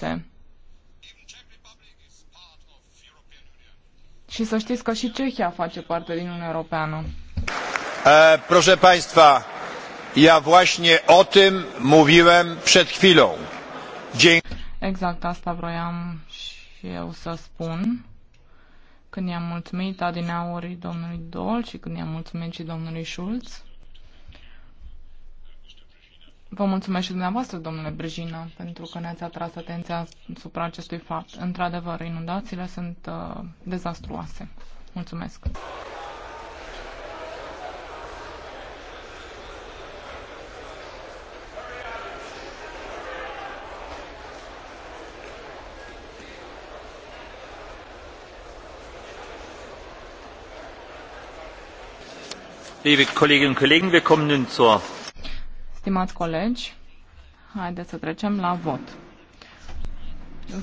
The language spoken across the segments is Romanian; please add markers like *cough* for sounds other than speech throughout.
granițe. Și să știți că și Cehia face parte din Uniunea Europeană. E, proszę Państwa, ja właśnie o tym mówiłem przed chwilą. Dzień... Exact asta vroiam și eu să spun. Când i-am mulțumit adineauri domnului Dol și când i-am mulțumit și domnului Schulz. Vă mulțumesc și dumneavoastră, domnule Brejina, pentru că ne-ați atras atenția asupra acestui fapt. Într-adevăr, inundațiile sunt uh, dezastruoase. Mulțumesc. Liebe Kolleginnen und Kollegen, wir kommen nun zur Stimați colegi, haideți să trecem la vot.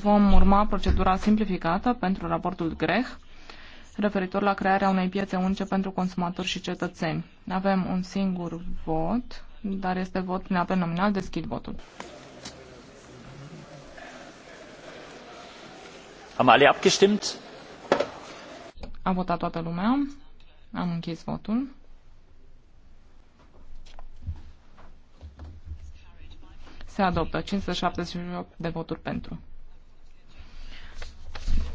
Vom urma procedura simplificată pentru raportul Greh referitor la crearea unei piețe unice pentru consumatori și cetățeni. Avem un singur vot, dar este vot prin apel nominal. Deschid votul. Am alle abgestimmt? A votat toată lumea. Am închis votul. Se adoptă 578 de voturi pentru.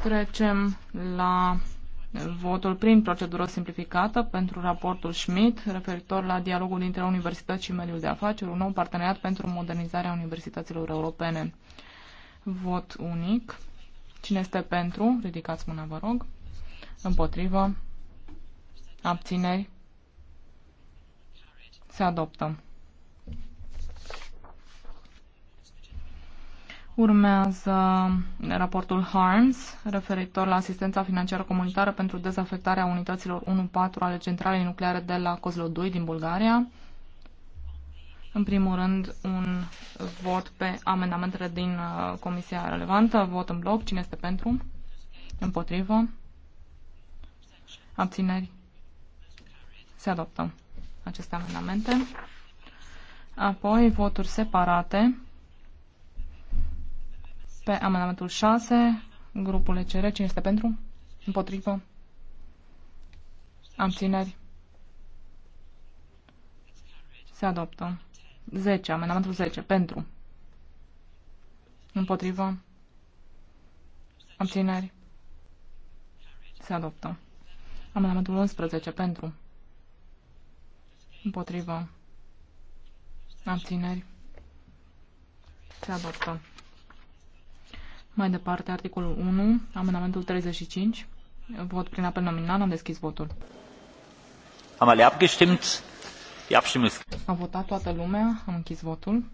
Trecem la votul prin procedură simplificată pentru raportul Schmidt referitor la dialogul dintre universități și mediul de afaceri, un nou parteneriat pentru modernizarea universităților europene. Vot unic. Cine este pentru? Ridicați mâna, vă rog. Împotrivă. Abțineri. Se adoptă. Urmează raportul Harms referitor la asistența financiară comunitară pentru dezafectarea unităților 1-4 ale centralei nucleare de la Kozlodui din Bulgaria. În primul rând, un vot pe amendamentele din uh, comisia relevantă. Vot în bloc. Cine este pentru? Împotrivă? Abțineri? Se adoptă aceste amendamente. Apoi, voturi separate pe amendamentul 6, grupul ECR, cine este pentru? Împotrivă? Abțineri? Se adoptă. 10, amendamentul 10, pentru? Împotrivă? Abțineri? Se adoptă. Amendamentul 11, pentru? Împotrivă? Abțineri? Se adoptă. Mai departe, articolul 1, amendamentul 35, vot prin apel nominal, am deschis votul. Am alea abgestimt, Die A votat toată lumea, am închis votul.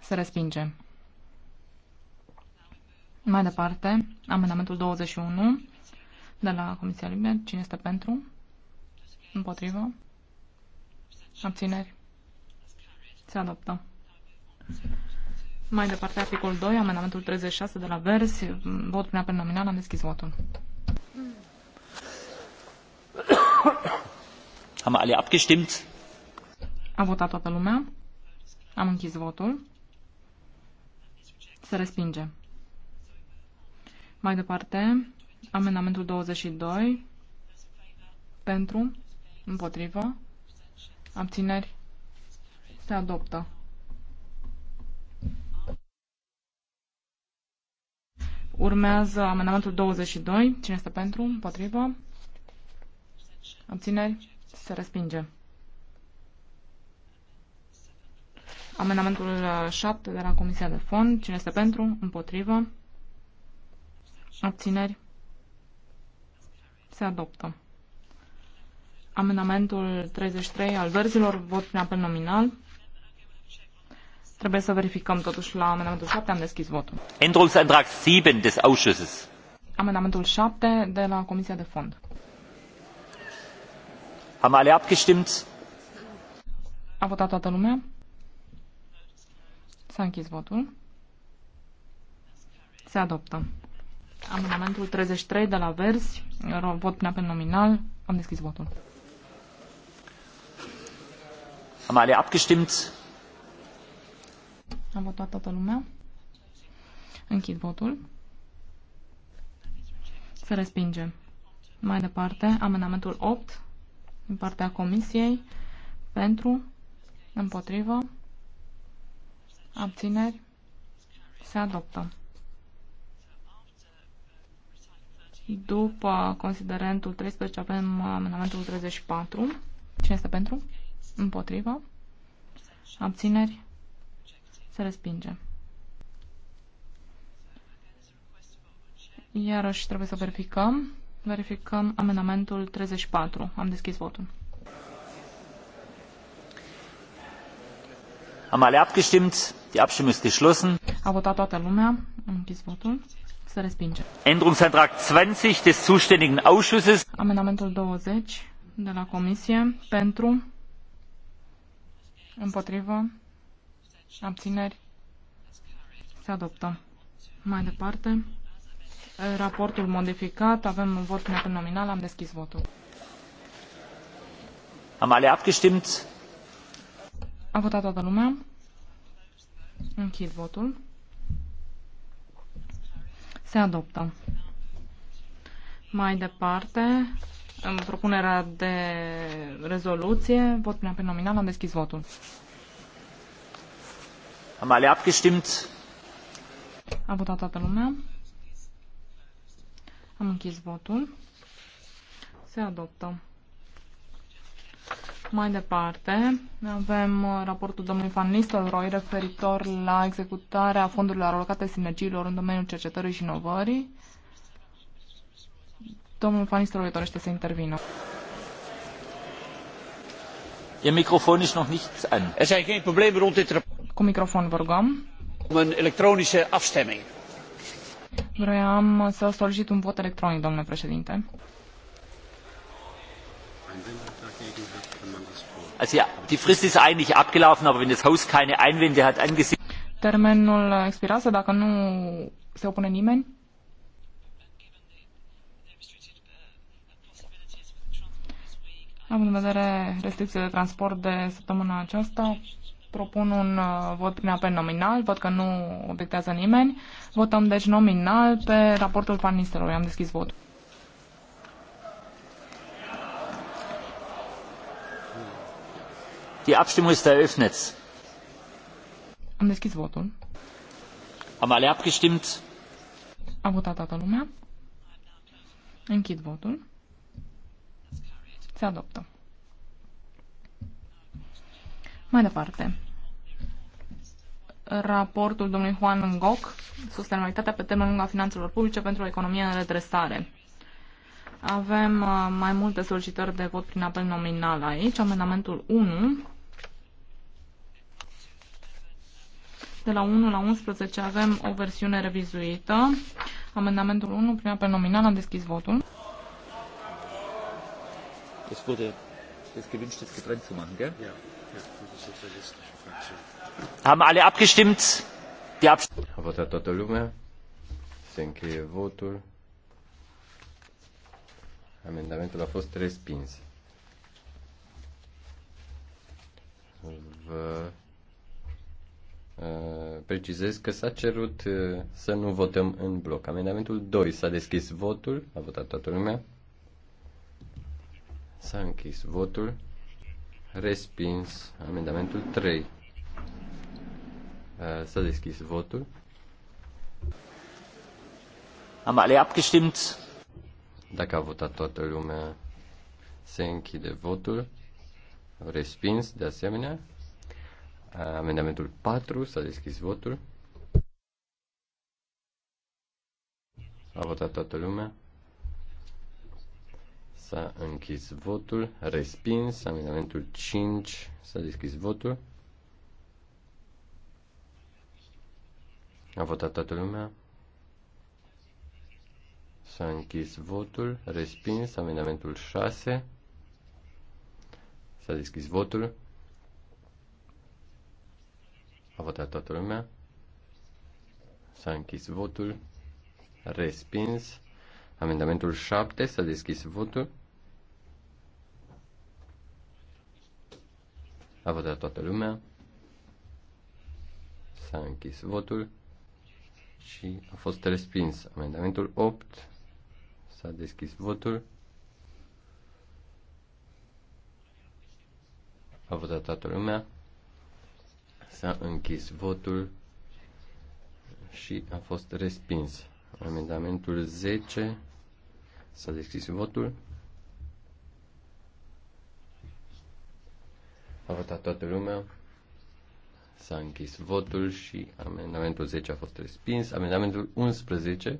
Se respinge. Mai departe, amendamentul 21 de la Comisia Liber. Cine este pentru? Împotrivă? Abțineri? Se adoptă. Mai departe, articolul 2, amendamentul 36 de la vers, vot prin apel nominal, am deschis votul. *coughs* Am alle abgestimmt? A votat toată lumea. Am închis votul. Se respinge. Mai departe, amendamentul 22 pentru, împotrivă, abțineri, se adoptă. Urmează amendamentul 22. Cine este pentru? Împotrivă? Obțineri? Se respinge. Amendamentul 7 uh, de la Comisia de Fond. Cine este pentru? Împotrivă? Obțineri? Se adoptă. Amendamentul 33 al verzilor, vot prin apel nominal. Trebuie să verificăm totuși la amendamentul 7. Am deschis votul. Änderungsantrag 7 des Ausschusses. Amendamentul 7 de la Comisia de Fond. Am alle abgestimmt? A votat toată lumea? S-a închis votul. Se adoptă. Amendamentul 33 de la Versi, vot până pe nominal, am deschis votul. Am alle abgestimmt? A votat toată lumea. Închid votul. Se respinge. Mai departe, amendamentul 8 din partea Comisiei pentru, împotrivă, abțineri, se adoptă. După considerentul 13 avem amendamentul 34. Cine este pentru? Împotrivă. Abțineri. Se respinge. Iarăși trebuie să verificăm. Verificăm amendamentul 34. Am deschis votul. Am alle abgestimmt. Die Abstimmung ist geschlossen. A votat toată lumea. Am închis votul. Se respinge. Änderungsantrag 20 des zuständigen Ausschusses. Amendamentul 20 de la Comisie pentru împotrivă Abțineri? Se adoptă. Mai departe, raportul modificat, avem un vot nominal, am deschis votul. Am alle abgestimmt? A votat toată lumea. Închid votul. Se adoptă. Mai departe, în propunerea de rezoluție, vot prin nominal, am deschis votul. Am alle abgestimmt? A votat toată lumea. Am închis votul. Se adoptă. Mai departe, avem uh, raportul domnului Van Nistelrooy referitor la executarea fondurilor alocate sinergiilor în domeniul cercetării și inovării. Domnul Van Nistelrooy dorește să intervină. Ihr Mikrofon ist noch nicht an. Er zijn geen problemen rond dit cu microfon vă rugăm. electronice afstemming. să solicit un vot electronic, domnule președinte. Also ja, die Frist ist eigentlich abgelaufen, aber wenn das Haus keine Einwände hat angesichts Termenul expirase, dacă nu se opune nimeni. Am în vedere restricțiile de transport de săptămâna aceasta, propun un uh, vot prin apel nominal. Văd că nu obiectează nimeni. Votăm deci nominal pe raportul panistelor. Am deschis votul. Die Abstimmung ist eröffnet. Am deschis votul. Am alle abgestimmt? A votat toată lumea. Închid votul. Se adoptă. Mai departe. Raportul domnului Juan Ngoc, sustenabilitatea pe termen lung a finanțelor publice pentru o economie în redresare. Avem uh, mai multe solicitări de vot prin apel nominal aici. Amendamentul 1. De la 1 la 11 avem o versiune revizuită. Amendamentul 1 prin apel nominal. Am deschis votul. Es wurde es gewünscht, es getrennt zu machen, gell? Ja. Haben alle abgestimmt? Die Abst A votat toată lumea. Se încheie votul. Amendamentul a fost respins. Vă precizez că s-a cerut să nu votăm în bloc. Amendamentul 2 s-a deschis votul, a votat toată lumea. S-a închis votul. Respins. Amendamentul 3. Uh, s-a deschis votul. Am alle abgestimmt? Dacă a votat toată lumea, se închide votul. Respins, de asemenea. Uh, amendamentul 4, s-a deschis votul. A votat toată lumea. S-a închis votul. Respins. Amendamentul 5. S-a deschis votul. A votat toată lumea. S-a închis votul. Respins. Amendamentul 6. S-a deschis votul. A votat toată lumea. S-a închis votul. Respins. Amendamentul 7. S-a deschis votul. A votat toată lumea. S-a închis votul și a fost respins. Amendamentul 8. S-a deschis votul. A votat toată lumea. S-a închis votul și a fost respins. Amendamentul 10. S-a deschis votul. A votat toată lumea. S-a închis votul și amendamentul 10 a fost respins. Amendamentul 11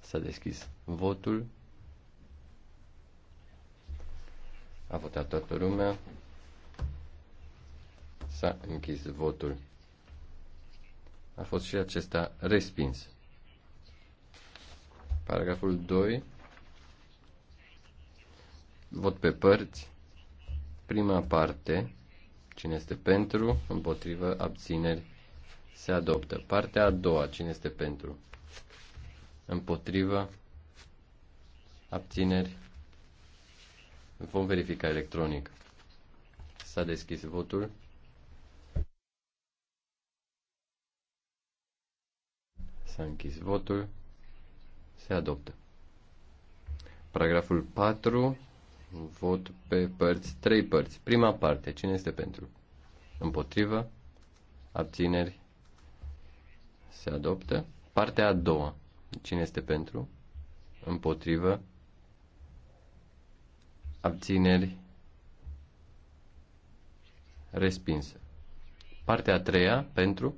s-a deschis votul. A votat toată lumea. S-a închis votul. A fost și acesta respins. Paragraful 2. Vot pe părți. Prima parte, cine este pentru, împotrivă, abțineri, se adoptă. Partea a doua, cine este pentru, împotrivă, abțineri, vom verifica electronic. S-a deschis votul. S-a închis votul. Se adoptă. Paragraful 4 vot pe părți, trei părți. Prima parte, cine este pentru? Împotrivă, abțineri, se adoptă. Partea a doua, cine este pentru? Împotrivă, abțineri, respinsă. Partea a treia, pentru,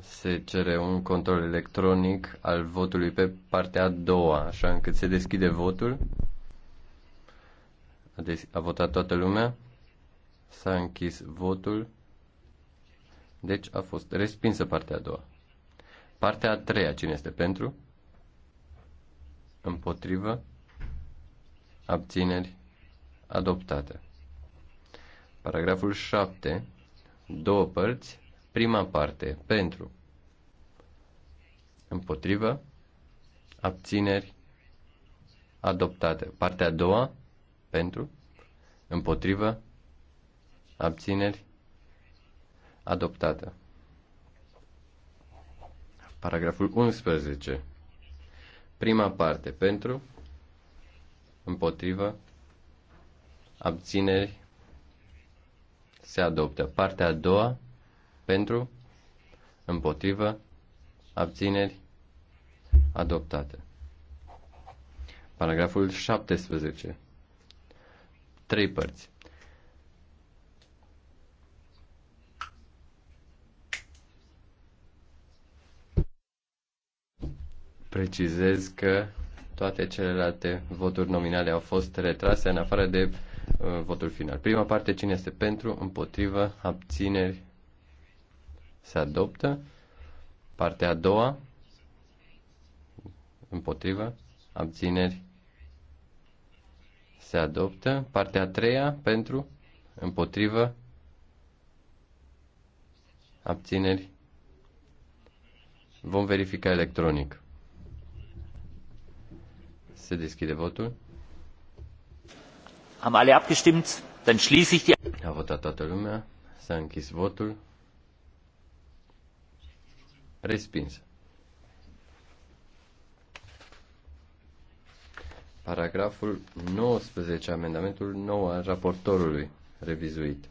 se cere un control electronic al votului pe partea a doua, așa încât se deschide votul. A, des- a votat toată lumea. S-a închis votul. Deci a fost respinsă partea a doua. Partea a treia, cine este pentru? Împotrivă? Abțineri? Adoptate. Paragraful 7. Două părți Prima parte, pentru, împotrivă, abțineri, adoptate. Partea a doua, pentru, împotrivă, abțineri, adoptată. Paragraful 11. Prima parte, pentru, împotrivă, abțineri, se adoptă. Partea a doua, pentru, împotrivă, abțineri, adoptate. Paragraful 17. Trei părți. Precizez că toate celelalte voturi nominale au fost retrase în afară de uh, votul final. Prima parte, cine este pentru, împotrivă, abțineri, se adoptă. Partea a doua, împotrivă, abțineri, se adoptă. Partea a treia, pentru, împotrivă, abțineri. Vom verifica electronic. Se deschide votul. Am ale abgestimmt, dann schließe ich die... A votat toată lumea, s-a închis votul. Respins. Paragraful 19, amendamentul 9 al raportorului revizuit.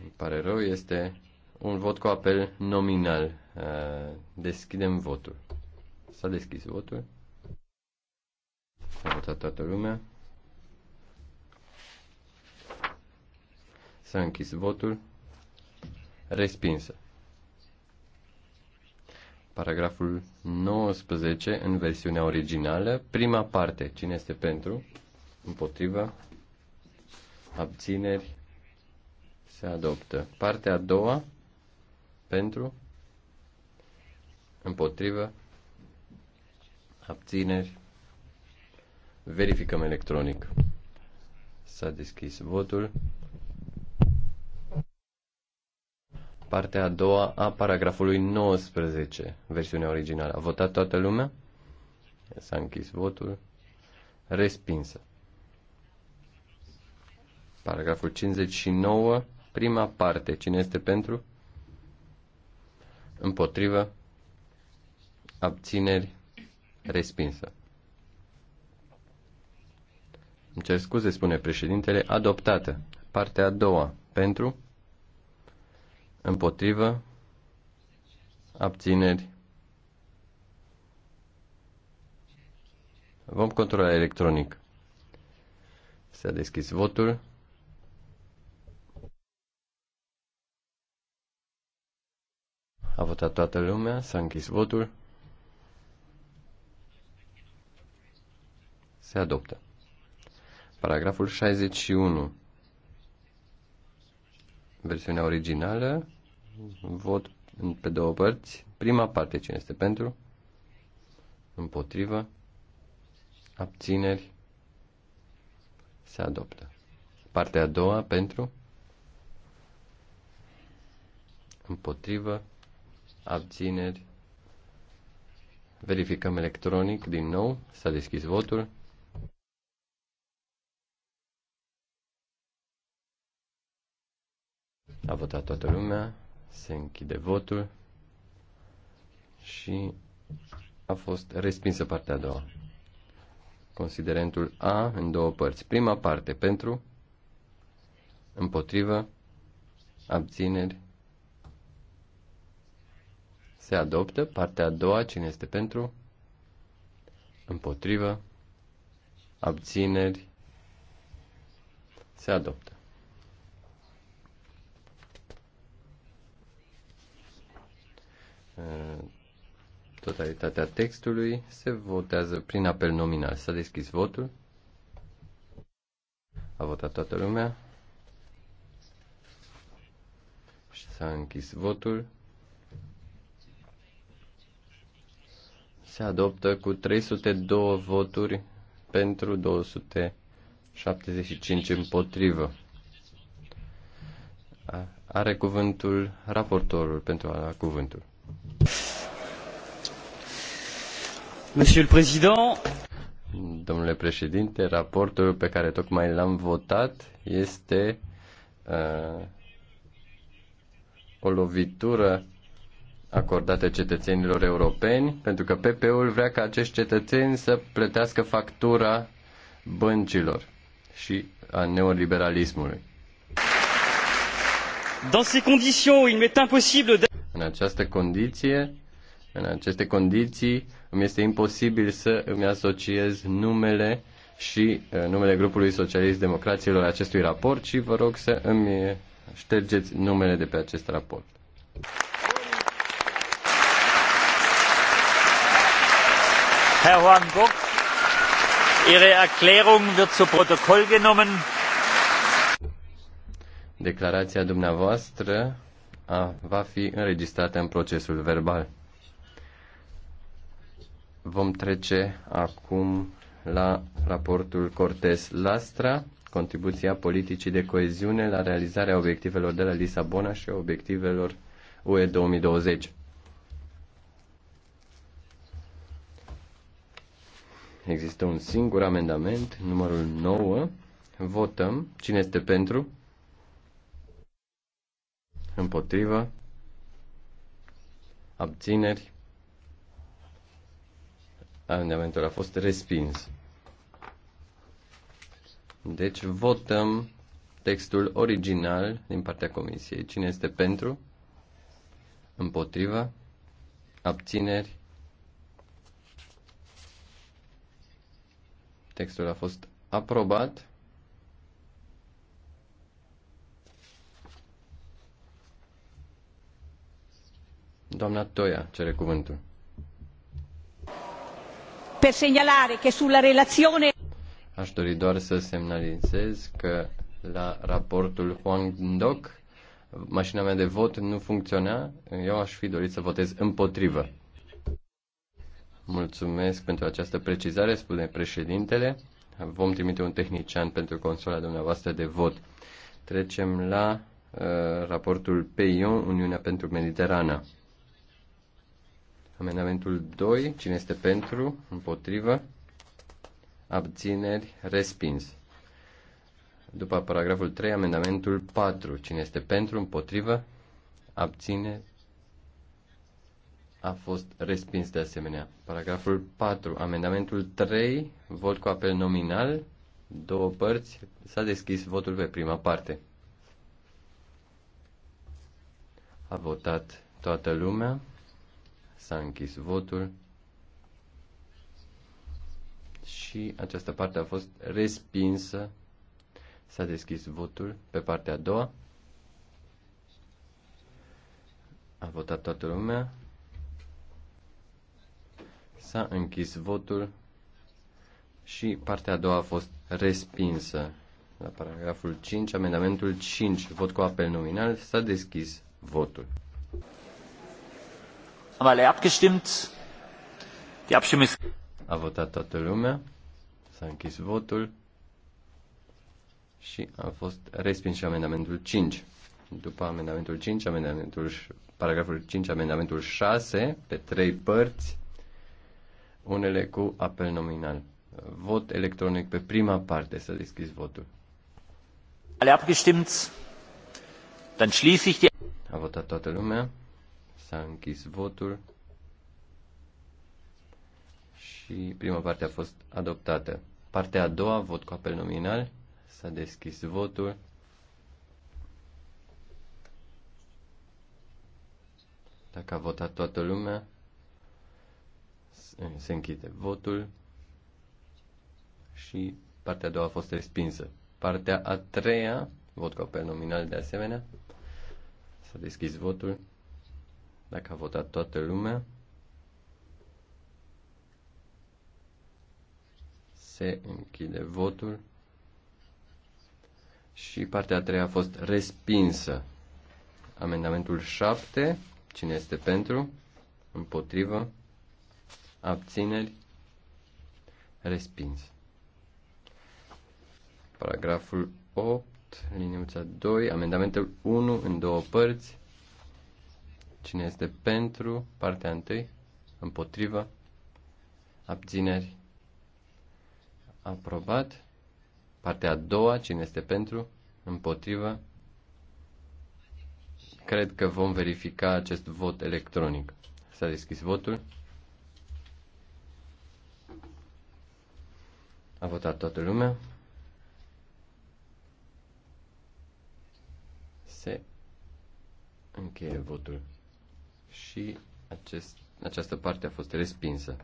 Îmi pare rău, este un vot cu apel nominal. Uh, deschidem votul. S-a deschis votul. A votat toată lumea. S-a închis votul respinsă. Paragraful 19 în versiunea originală, prima parte. Cine este pentru? Împotriva? Abțineri? Se adoptă. Partea a doua? Pentru? Împotrivă? Abțineri? Verificăm electronic. S-a deschis votul. partea a doua a paragrafului 19, versiunea originală. A votat toată lumea? S-a închis votul. Respinsă. Paragraful 59, prima parte. Cine este pentru? Împotrivă? Abțineri? Respinsă. Îmi cer scuze, spune președintele, adoptată. Partea a doua. Pentru? Împotrivă. Abțineri. Vom controla electronic. S-a deschis votul. A votat toată lumea, s-a închis votul. Se adoptă. Paragraful 61. Versiunea originală Vot pe două părți. Prima parte, cine este pentru? Împotrivă. Abțineri. Se adoptă. Partea a doua, pentru? Împotrivă. Abțineri. Verificăm electronic din nou. S-a deschis votul. A votat toată lumea. Se închide votul și a fost respinsă partea a doua. Considerentul A în două părți. Prima parte pentru, împotrivă, abțineri, se adoptă. Partea a doua, cine este pentru, împotrivă, abțineri, se adoptă. Uh, totalitatea textului se votează prin apel nominal. S-a deschis votul. A votat toată lumea. Și s-a închis votul. Se adoptă cu 302 voturi pentru 275 împotrivă. Are cuvântul raportorul pentru a da cuvântul. Monsieur le Président. Domnule președinte, raportul pe care tocmai l-am votat este uh, o lovitură acordată cetățenilor europeni, pentru că PP-ul vrea ca acești cetățeni să plătească factura băncilor și a neoliberalismului. Dans ces conditions, il m'est impossible de... În această condiție, în aceste condiții îmi este imposibil să îmi asociez numele și uh, numele grupului socialist democraților acestui raport și vă rog să îmi ștergeți numele de pe acest raport. Herr Hornburg, Ihre Erklärung wird zu Protokoll genommen. Declarația dumneavoastră a, va fi înregistrată în procesul verbal. Vom trece acum la raportul Cortes Lastra, contribuția politicii de coeziune la realizarea obiectivelor de la Lisabona și obiectivelor UE 2020. Există un singur amendament, numărul 9. Votăm. Cine este pentru? Împotrivă? Abțineri? Amendamentul a fost respins. Deci votăm textul original din partea comisiei. Cine este pentru? Împotriva? Abțineri? Textul a fost aprobat. Doamna Toia cere cuvântul per segnalare che sulla relazione Aș dori doar să semnalizez că la raportul Huang Doc mașina mea de vot nu funcționa, eu aș fi dorit să votez împotrivă. Mulțumesc pentru această precizare, spune președintele. Vom trimite un tehnician pentru consola dumneavoastră de vot. Trecem la uh, raportul PION, Uniunea pentru Mediterana. Amendamentul 2. Cine este pentru? Împotrivă? Abțineri? Respins. După paragraful 3, amendamentul 4. Cine este pentru? Împotrivă? Abține? A fost respins de asemenea. Paragraful 4. Amendamentul 3. Vot cu apel nominal. Două părți. S-a deschis votul pe prima parte. A votat toată lumea. S-a închis votul și această parte a fost respinsă. S-a deschis votul pe partea a doua. A votat toată lumea. S-a închis votul și partea a doua a fost respinsă. La paragraful 5, amendamentul 5, vot cu apel nominal, s-a deschis votul. Am alle abgestimmt? Die Abstimmung ist... A votat toată lumea, s-a închis votul și a fost respins și amendamentul 5. După amendamentul 5, amendamentul, paragraful 5, amendamentul 6, pe trei părți, unele cu apel nominal. Vot electronic pe prima parte, să deschizi votul. Alle abgestimmt? Dann schließe ich die... A votat toată lumea. S-a închis votul și prima parte a fost adoptată. Partea a doua, vot cu apel nominal, s-a deschis votul. Dacă a votat toată lumea, se închide votul și partea a doua a fost respinsă. Partea a treia, vot cu apel nominal de asemenea, s-a deschis votul. Dacă a votat toată lumea, se închide votul și partea a treia a fost respinsă. Amendamentul 7, cine este pentru, împotrivă, abțineri, respins. Paragraful 8, liniuța 2, amendamentul 1 în două părți, Cine este pentru partea întâi? Împotrivă? Abțineri? Aprobat. Partea a doua, cine este pentru? Împotrivă? Cred că vom verifica acest vot electronic. S-a deschis votul. A votat toată lumea. Se încheie votul și acest, această parte a fost respinsă.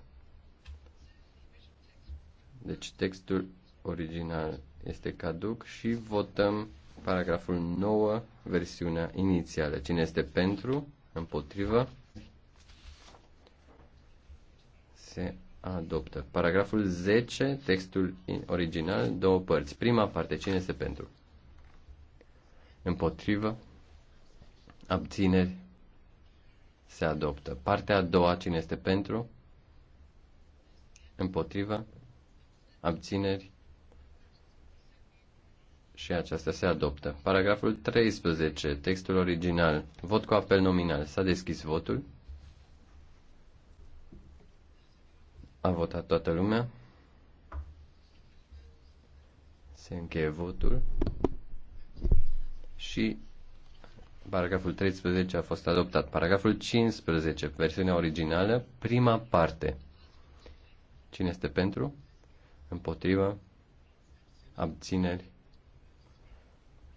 Deci textul original este caduc și votăm paragraful 9, versiunea inițială. Cine este pentru, împotrivă, se adoptă. Paragraful 10, textul original, două părți. Prima parte, cine este pentru? Împotrivă, abțineri, se adoptă. Partea a doua, cine este pentru? Împotrivă? Abțineri? Și aceasta se adoptă. Paragraful 13, textul original. Vot cu apel nominal. S-a deschis votul. A votat toată lumea. Se încheie votul. Și Paragraful 13 a fost adoptat. Paragraful 15, versiunea originală, prima parte. Cine este pentru? Împotrivă? Abțineri?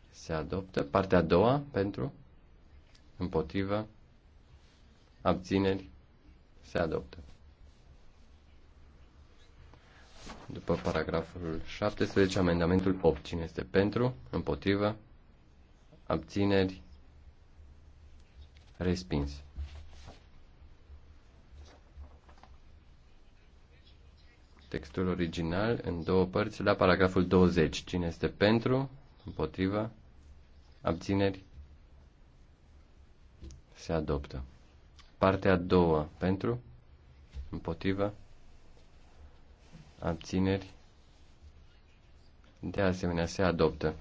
Se adoptă. Partea a doua, pentru? Împotrivă? Abțineri? Se adoptă. După paragraful 17, amendamentul 8. Cine este pentru? Împotrivă? Abțineri? Respins. Textul original în două părți la paragraful 20. Cine este pentru? Împotriva? Abțineri? Se adoptă. Partea a doua pentru? Împotriva? Abțineri? De asemenea, se adoptă.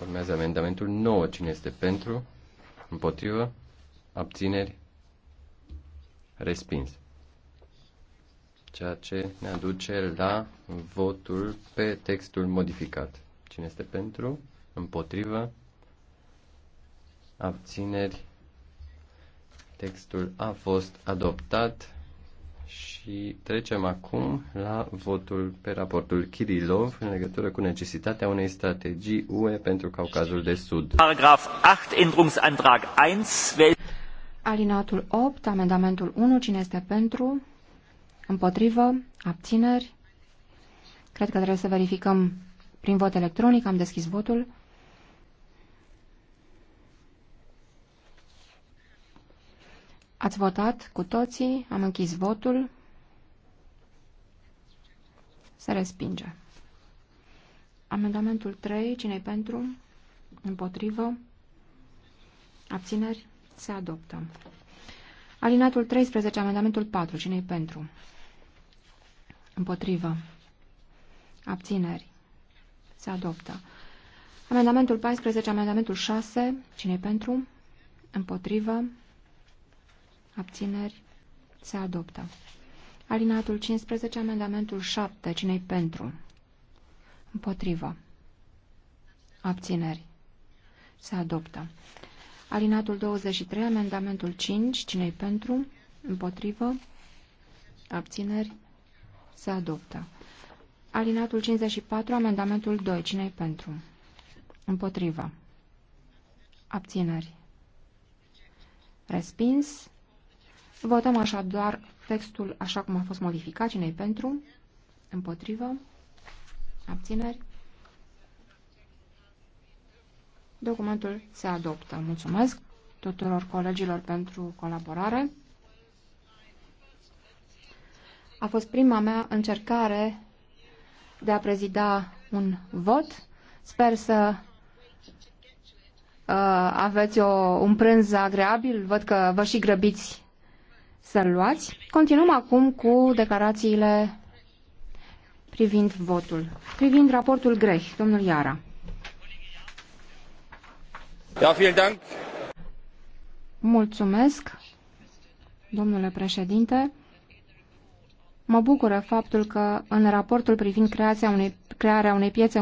Urmează amendamentul 9. Cine este pentru? Împotrivă. Abțineri. Respins. Ceea ce ne aduce la votul pe textul modificat. Cine este pentru? Împotrivă. Abțineri. Textul a fost adoptat. Și trecem acum la votul pe raportul Kirilov în legătură cu necesitatea unei strategii UE pentru Caucazul de Sud. Paragraf 8, Änderungsantrag 1. Alinatul 8, amendamentul 1, cine este pentru? Împotrivă? Abțineri? Cred că trebuie să verificăm prin vot electronic. Am deschis votul. Ați votat cu toții, am închis votul. Se respinge. Amendamentul 3, cine pentru? Împotrivă? Abțineri? Se adoptă. Alinatul 13, amendamentul 4, cine pentru? Împotrivă? Abțineri? Se adoptă. Amendamentul 14, amendamentul 6, cine pentru? Împotrivă? Abțineri? Se adoptă. Alinatul 15, amendamentul 7. cine pentru? Împotrivă. Abțineri. Se adoptă. Alinatul 23, amendamentul 5. cine pentru? Împotrivă. Abțineri. Se adoptă. Alinatul 54, amendamentul 2. cine pentru? Împotrivă. Abțineri. Respins. Votăm așadar textul așa cum a fost modificat. cine pentru? Împotrivă? Abțineri? Documentul se adoptă. Mulțumesc tuturor colegilor pentru colaborare. A fost prima mea încercare de a prezida un vot. Sper să uh, aveți o, un prânz agreabil. Văd că vă și grăbiți să-l luați. Continuăm acum cu declarațiile privind votul. Privind raportul greș, domnul Iara. Da, vielen Dank. Mulțumesc, domnule președinte. Mă bucură faptul că în raportul privind creația unei, crearea unei piețe